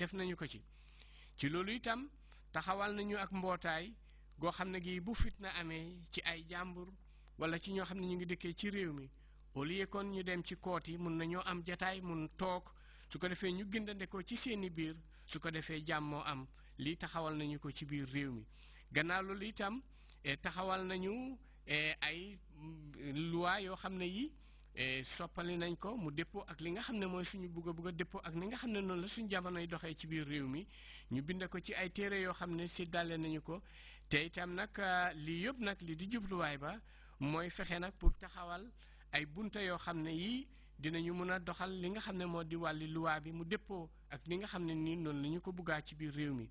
def nañu ko ci ci loolu itam taxawal nañu ak mbootaay goo xam ne gii bu fitna amee ci ay jàmbur wala ci ñoo xam ne ñu ngi dëkkee ci réew mi au lieu kon ñu dem ci koot yi mun nañoo am jataay mun toog su ko defee ñu gindandekoo ci seeni biir su ko defee jàmmoo am lii taxawal nañu ko ci biir réew mi gannaaw loolu itam eh, taxawal nañu eh, ay mm, loi yoo xam ne yi soppali nañ ko mu dëppoo ak li nga xam ne mooy suñu bugg a bugg a dëppoo ak ni nga xam ne noonu la suñu jamonoy doxee ci biir réew mi ñu bind ko ci ay téere yoo xam ne si séddale nañu ko te itam nag euh, lii yëpp nag li di jubluwaay ba mooy fexe nag pour taxawal ay bunta yoo xam ne yii dinañu mën a doxal li nga xam ne moo di wàlli luwaa bi mu dëppoo ak li nga xam ne nii noonu la ko buggaa ci biir réew mi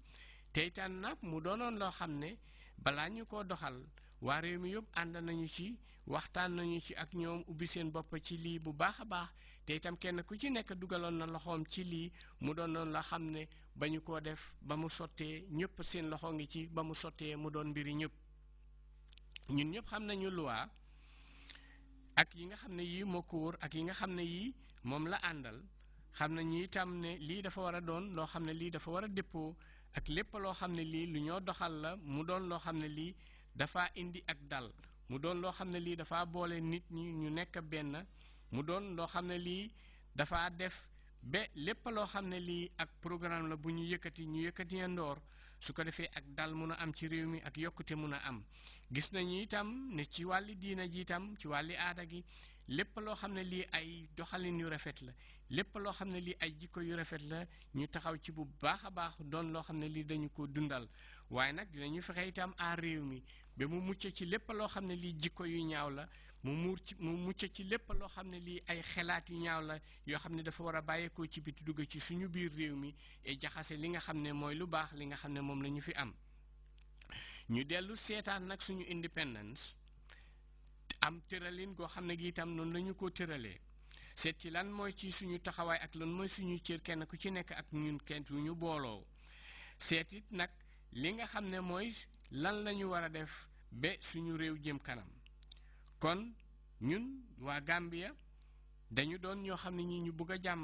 te nag mu doonoon loo xam ne balaa ñu koo doxal waa réew mi yëpp ànd nañu ci waxtaan nañu ci ak ñoom ubbi seen bopp ci lii bu baax a baax te itam kenn ku ci nekk dugaloon na loxoom ci lii mu doon noonu la xam ne ba ñu ko def ba mu sottee ñëpp seen loxo ngi ci ba mu sottee mu doon mbiri ñëpp ñun ñépp xam nañu luwaa ak yi nga xam ne yii moo ko wóor ak yi nga xam ne yii moom la àndal xam na ñu itam ne lii dafa war a doon loo xam ne lii dafa war a déppoo ak lépp loo xam ne lii lu ñoo doxal la mu doon loo xam ne lii dafa indi ak dal mu doon loo xam ne lii dafa boole nit ñi ñu nekk benn mu doon loo xam ne lii dafa def ba lépp loo xam ne lii ak programme la bu ñu yëkkati ñu yëkkati ndoor su ko defee ak dal mun a am ci réew mi ak yokkute mun a am gis nañu itam ne ci wàlli diina ji itam ci wàlli aada gi lépp loo xam ne lii ay doxalin yu rafet la lépp loo xam ne lii ay jikko yu rafet la ñu taxaw ci bu baax a baax doon loo xam ne lii dañu ko dundal waaye nag dinañu fexe itam aar réew mi ba mu mucc ci lépp loo xam ne lii jikko yu ñaaw la mu muur mu mucc ci lépp loo xam ne lii ay xelaat yu ñaaw la yoo xam ne dafa war a bàyyeekoo ci biti dugg ci suñu biir réew mi e jaxase li nga xam ne mooy lu baax li nga xam ne moom la ñu fi am ñu dellu seetaan nag suñu independence. am tëralin goo xam ne gi itam noonu lañu ñu ko tëralee seet ci lan mooy ci suñu taxawaay ak lan mooy suñu cër kenn ku ci nekk ak ñun kent yu ñu booloo seet it nag li nga xam ne mooy lan lañu ñu war a def ba suñu réew jëm kanam kon ñun waa Gambia dañu doon ñoo xam ne ñii ñu a jàmm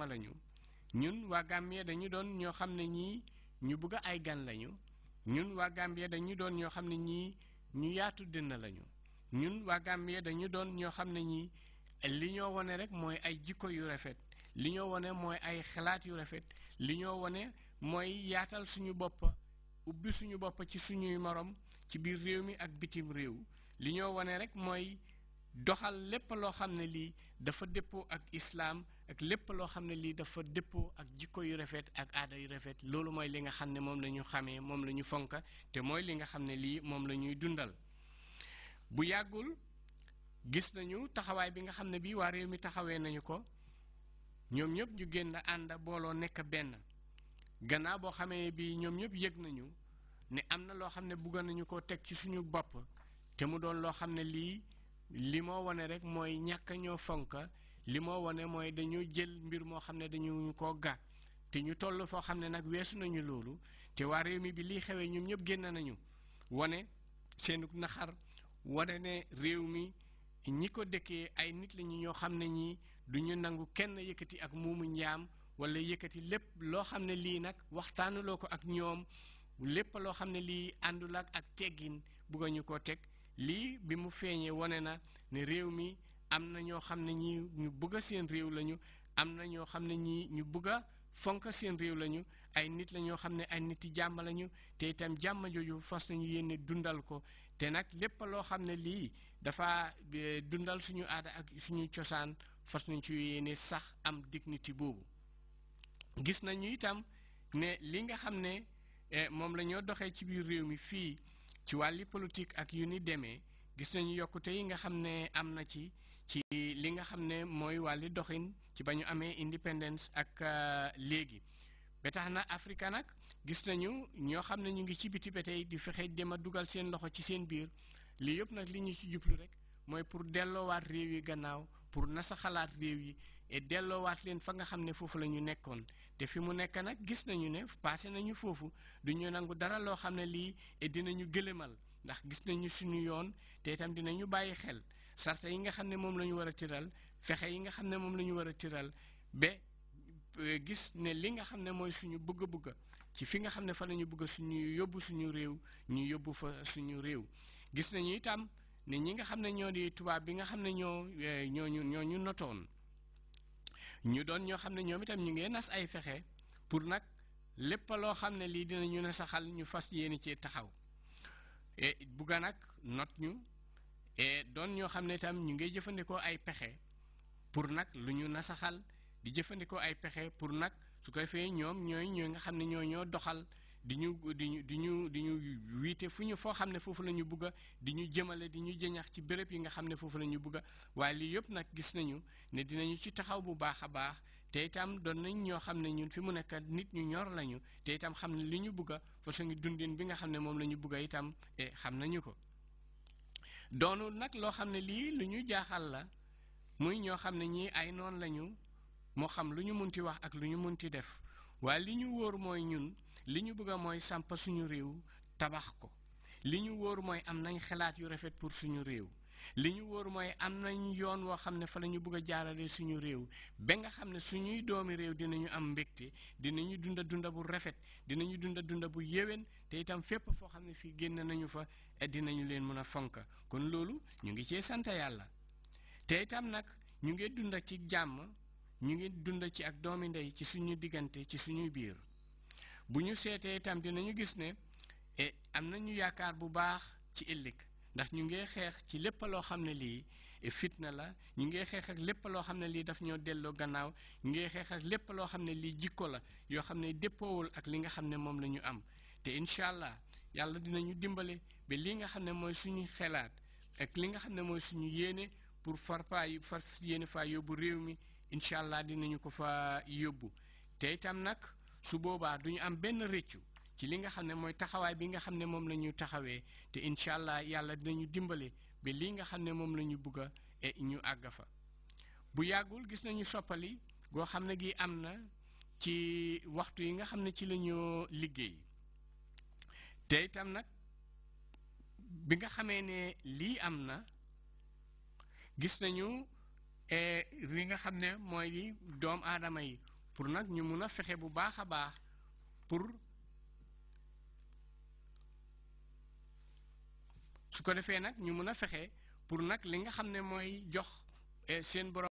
ñun waa Gambia dañu doon ñoo xam ne ñii ñu bëgg ay gan lañu ñun waa Gambia dañu doon ñoo xam ne ñii ñu yaatu dënn lañu ñun waa Gambie dañu doon ñoo xam ne ñii li ñoo wane rek mooy ay jikko yu rafet li ñoo wane mooy ay xalaat yu rafet li ñoo wane mooy yaatal suñu bopp ubbi suñu bopp ci suñuy morom ci biir réew mi ak bitim réew li ñoo wane rek mooy doxal lépp loo xam ne lii dafa dëppoo ak islaam ak lépp loo xam ne lii dafa dëppoo ak jikko yu rafet ak aada yu rafet loolu mooy li nga xam ne moom la ñu xamee moom la ñu fonk te mooy li nga xam ne lii moom la ñuy dundal bu yàggul gis nañu taxawaay bi nga xam ne bii waa réew mi taxawee nañu ko ñoom ñëpp ñu génn ànd booloo nekk benn gannaaw boo xamee bii ñoom ñëpp yëg nañu ne am na loo xam ne bugg nañu ko teg ci suñu bopp te mu doon loo xam ne lii li moo wane rek mooy ñàkk ñoo fonk li moo wane mooy dañoo jël mbir moo xam ne dañu ko gàtt te ñu toll foo xam ne nag weesu nañu loolu te waa réew mi bi lii xewee ñoom ñëpp génn nañu wane seenu naxar wane ne réew mi ñi ko dëkkee ay nit lañu ñoo xam ne ñii du ñu nangu kenn yëkkati ak muumu njaam wala yëkkati lépp loo xam ne lii nag waxtaanuloo ko ak ñoom lépp loo xam ne lii àndul ak ak teggin bugg ñu ko teg lii bi mu feeñee wane na ne réew mi am na ñoo xam ne ñii ñu bëgg seen réew lañu am na ñoo xam ne ñii ñu bëgg a fonk seen réew lañu ay nit la ñoo xam ne ay nit yi jàmm lañu te itam jàmm jooju fas nañu yéene dundal ko te nag lépp loo xam ne lii dafa eh, dundal suñu aada ak suñu cosaan fas nañ ci yéene sax am dignité boobu gis nañu itam ne li nga xam ne eh, moom la ñoo doxee ci biir réew mi fii ci wàlli politique ak yu ni demee gis nañu yokkute yi nga xam ne am na ci ci li nga xam ne mooy wàlli doxin ci ba ñu amee independence ak euh, léegi ba tax na Afrika nag gis nañu ñoo xam ne ñu ngi ci biti ba tey di fexe dem a dugal seen loxo ci seen biir lii yëpp nag li ñu ci jublu rek mooy pour delloowaat réew yi gannaaw pour xalaat réew yi et delloowaat leen fa nga xam ne foofu la ñu nekkoon te fi mu nekk nag gis nañu ne passé nañu foofu du ñu nangu dara loo xam ne lii dina ñu gëlëmal ndax gis nañu suñu yoon te itam dinañu bàyyi xel sarta yi nga xam ne moom la ñu war a tiral fexe yi nga xam ne moom la ñu war a tiral ba euh, gis ne li nga xam ne mooy suñu bëgg-bëgg ci fi nga xam ne fa la ñu bëgg suñu yóbbu suñu réew ñu yóbbu fa suñu réew gis nañu itam ne ñi nga xam ne ñoo di tubaab bi nga xam ne ñoo euh, ñoo ñu ñoo ñu notoon ñu doon ñoo xam ne ñoom itam ñu ngi nas ay fexe pour nag lépp loo xam ne lii dina ñu ne saxal ñu fas yéene ci taxaw et bugga nag not ñu. et eh, doon ñoo xam ne itam ñu ngay jëfandikoo ay pexe pour nag lu ñu nasaxal di jëfandikoo ay pexe pour nag su ko fee ñoom ñooy ñooy nga xam ne ñoo ñoo doxal di ñu di ñu di ñu di ñu wiite fu foo xam ne foofu la ñu bugg a di ñu jëmale di ñu jëñax ci béréb yi nga xam ne foofu la ñu bugg a waaye lii yëpp nag gis nañu ne dinañu ci taxaw bu baax a baax te itam doon nañ ñoo xam ne ñun fi mu nekk nit ñu ñor lañu te itam xam ne li ñu bugg a façon dundin bi nga xam ne moom la ñu bugg itam eh, xam nañu ko. doonul nag loo xam ne lii lu ñu jaaxal la muy ñoo xam ne ñii ay noon lañu moo xam lu ñu munti wax ak lu ñu munti def waaye li ñu wóor mooy ñun li ñu bëgg a mooy samp suñu réew tabax ko li ñu wóor mooy am nañ xalaat yu rafet pour suñu réew li ñu wóor mooy am nañ yoon woo xam ne fa lañu ñu bëgg a jaarale suñu réew ba nga xam ne suñuy doomi réew dinañu am mbégte dinañu dunda dunda bu rafet dinañu dunda dunda bu yéwén te itam fépp foo xam ne fii génn nañu fa eh, dinañu leen mën a fonk kon loolu ñu ngi cee sant yàlla te itam nag ñu ngi dunda ci jàmm ñu ngi dunda ci ak doomi ndey ci suñu diggante ci suñuy biir bu ñu seetee itam dinañu gis ne eh, am nañu yaakaar bu baax ci ëllëg ndax ñu ngi xeex ci lépp loo xam ne lii fitna la ñu ngi xeex ak lépp loo xam ne lii daf ñoo delloo gannaaw ñu ngi xeex ak lépp loo xam ne lii jikko la yoo xam ne déppoowul ak li nga xam ne moom la ñu am te incha allah yàlla dinañu dimbale ba li nga xam ne mooy suñu xelaat ak li nga xam ne mooy suñu yéene pour far faa far yéene faa yóbbu réew mi incha allah dinañu ko fa yóbbu te itam nag su boobaa duñu am benn rëccu. ci li nga xam ne mooy taxawaay bi nga xam ne moom la ñu taxawee te incha allah yàlla dinañu dimbale ba lii nga xam ne moom la ñu bugg e ñu àgg fa bu yàggul gis nañu soppali goo xam ne gi am na ci waxtu yi nga xam ne ci la liggéey te itam nag bi nga xamee ne lii am na gis nañu e, li nga xam ne mooy doom aadama yi pour nag ñu mun a fexe bu baax a baax pour su ko defee nag ñu mën a fexe pour nag li nga xam ne mooy jox eh, seen borom.